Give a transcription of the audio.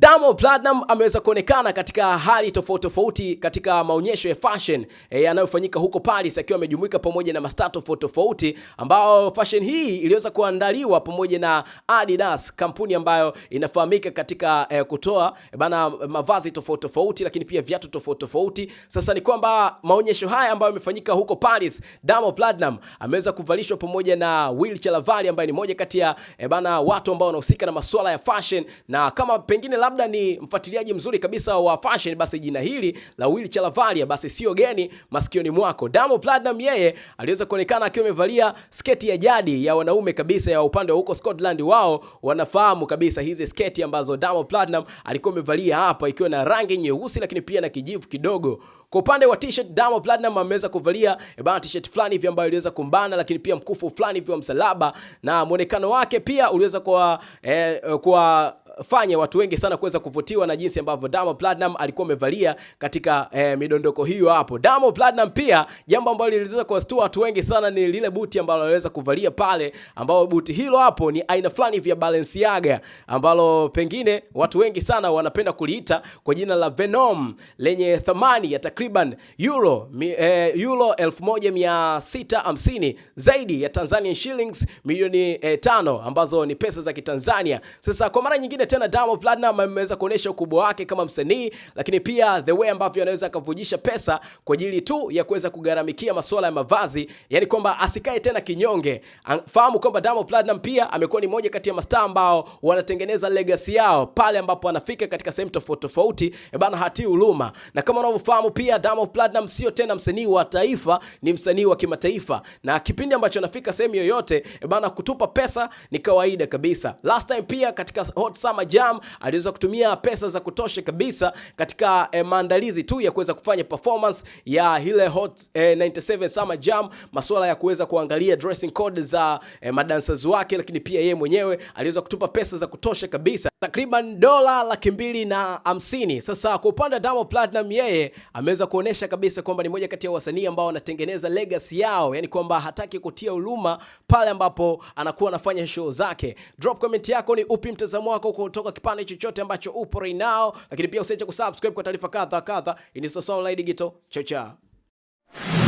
Diamond Platinum ameweza kuonekana katika hali tofauti tofauti katika maonyesho ya fashion eh, yanayofanyika huko Paris akiwa amejumuika pamoja na mastaa tofauti tofauti, ambao fashion hii iliweza kuandaliwa pamoja na Adidas, kampuni ambayo inafahamika katika e, kutoa e, bana mavazi tofauti tofauti, lakini pia viatu tofauti tofauti. Sasa ni kwamba maonyesho haya ambayo yamefanyika huko Paris, Diamond Platinum ameweza kuvalishwa pamoja na Will Chalavali ambaye ni moja kati ya e, bana watu ambao wanahusika na masuala ya fashion na kama pengine labda ni mfuatiliaji mzuri kabisa wa fashion, basi jina hili la Willy Chalavalia basi sio geni masikioni mwako. Diamond Platnumz yeye aliweza kuonekana akiwa amevalia sketi ya jadi ya wanaume kabisa ya upande wa huko Scotland, wao wanafahamu kabisa hizi sketi ambazo Diamond Platnumz alikuwa amevalia hapa, ikiwa na rangi nyeusi lakini pia na kijivu kidogo. Kwa upande wa t-shirt Diamond Platnumz ameweza kuvalia e bana t-shirt fulani hivi ambayo iliweza kumbana, lakini pia mkufu fulani hivi wa msalaba, na mwonekano wake pia uliweza eh, kuwafanya e, watu wengi sana kuweza kuvutiwa na jinsi ambavyo Diamond Platinum alikuwa amevalia katika eh, midondoko hiyo hapo. Diamond Platinum pia jambo ambalo liliweza kuwastua watu wengi sana ni lile buti ambalo aliweza kuvalia pale, ambao buti hilo hapo ni aina fulani vya Balenciaga ambalo pengine watu wengi sana wanapenda kuliita kwa jina la Venom lenye thamani ya takriban euro mi, eh, euro 1650 zaidi ya Tanzanian shillings milioni eh, tano ambazo ni pesa za Kitanzania. Sasa kwa mara nyingine tena Diamond Platinum ameweza kuonesha ukubwa wake kama msanii, lakini pia the way ambavyo anaweza akavujisha pesa kwa ajili tu ya kuweza kugaramikia masuala ya mavazi, yani kwamba asikae tena kinyonge. Fahamu kwamba Diamond Platinum pia amekuwa ni moja kati ya mastaa ambao wanatengeneza legacy yao pale ambapo anafika katika sehemu tofauti tofauti, e bana hati huruma. Na kama unavyofahamu pia Diamond Platinum sio tena msanii wa taifa, ni msanii wa kimataifa, na kipindi ambacho anafika sehemu yoyote e bana, kutupa pesa ni kawaida kabisa. Last time pia katika Hot Summer Jam aliweza kutumia pesa za kutosha kabisa katika eh, maandalizi tu ya kuweza kufanya performance ya ile Hot eh, 97 Summer Jam, masuala ya kuweza kuangalia dressing code za eh, madancers wake, lakini pia yeye mwenyewe aliweza kutupa pesa za kutosha kabisa takriban dola laki mbili na hamsini. Sasa kwa upande wa Diamond Platnumz, yeye ameweza kuonyesha kabisa kwamba ni moja kati ya wasanii ambao wanatengeneza legacy yao, yani kwamba hataki kutia huruma pale ambapo anakuwa anafanya show zake. Drop comment yako, ni upi mtazamo wako kutoka kipande chochote ambacho upo right now, lakini pia usiache kusubscribe kwa taarifa kadha kadha. Ini Online Digital, chao chao.